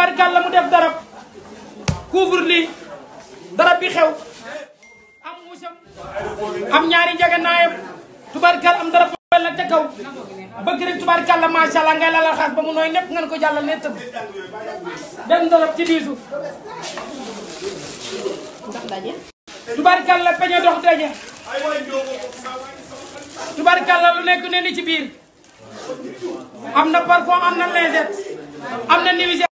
tubaarikàl la mu def darab couvre lii darab bi xew am muusam am ñaari njegenaayam tubaarikàl am darab bel na ca kaw bëgg rek tubaarikàl la macha allah ngay lalal xaas ba mu nooy nepp ngeen ko jàllal ne tëb dem darab ci diisu tubaarikàl la peñe dox daje tubaarikàl la lu nekk ne ni ci biir am na parfum am na lingette am na nuisette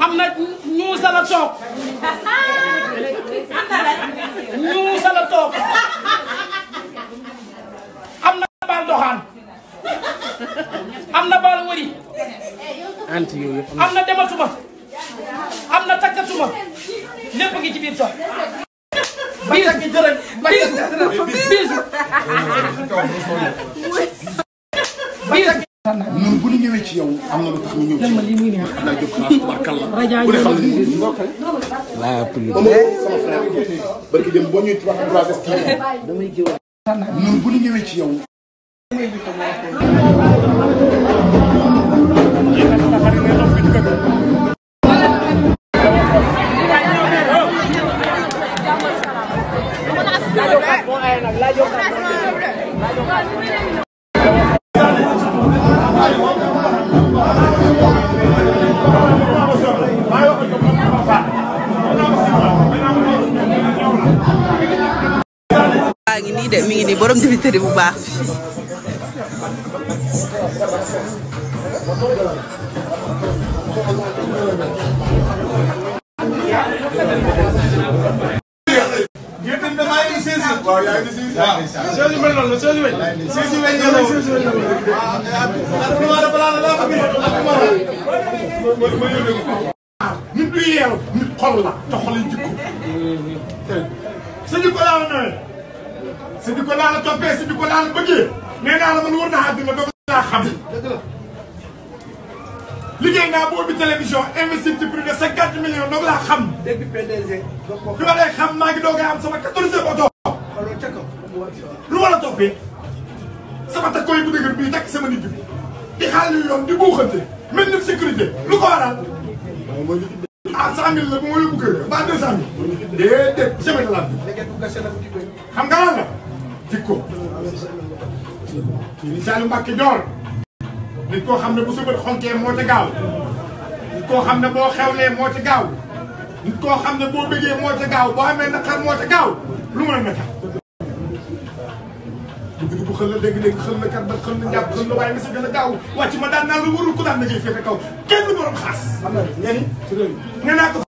am na ñuusa la toog ñuusa la toog am na baal doxaan am na baal wëri anti yooyu yëpp am na dematuma am na takkatuma lépp ngi ci biir toog biir biir ci yow am na lu tax ñu ñëw ci yow. Abdoulaye Diop xalaat tubaarkalla. ku ne xam ne nii nii laa pël. sama frère barki dem boo ñuy tubaab tubaab des kii. ñun bu ñu ñëwee ci yow. baa ngi nii de mi ngi nii borom dibiteri bu baax waaw yaa ngi siy waaw soo si mel noonu la soo si weñ. soo si weñ nga doon soo si weñ nga doon. nit du yeew nit xol la te xol yi jikko. sëñ bi balaa nga si di ko laa a toppee si di ko laa bëggee nee naa la man wër naa àddina doomu laa xam liggéey naa boobu télévision investi ci plus de cinquante millions doog laa xam. dégg bi ma lay xam maa ngi doog a am sama quatorze oto. lu ma la toppee sama takkoo yi bu dëgër bii takk sama nit bi di xaar yu di buuxante mel ni sécurité lu ko waral. ah cent la bu ma yóbbu ba deux cent mille. déedéet jamais la vie. xam nga la. jikko Serigne Saliou Mbacké Dior nit koo xam ne bu subat xonkee moo ci gaaw nit koo xam ne boo xewlee moo ci gaaw nit koo xam ne boo bëggee moo ci gaaw boo amee naqar moo ci gaaw lu mu la naka dugg dugg xël la dégg-dégg xël la kat ba xël la njàpp xël la waaye misi a gaaw wàcc ma daan naa la warul ku daan na jëy féete kaw kenn borom xaas nga naa ko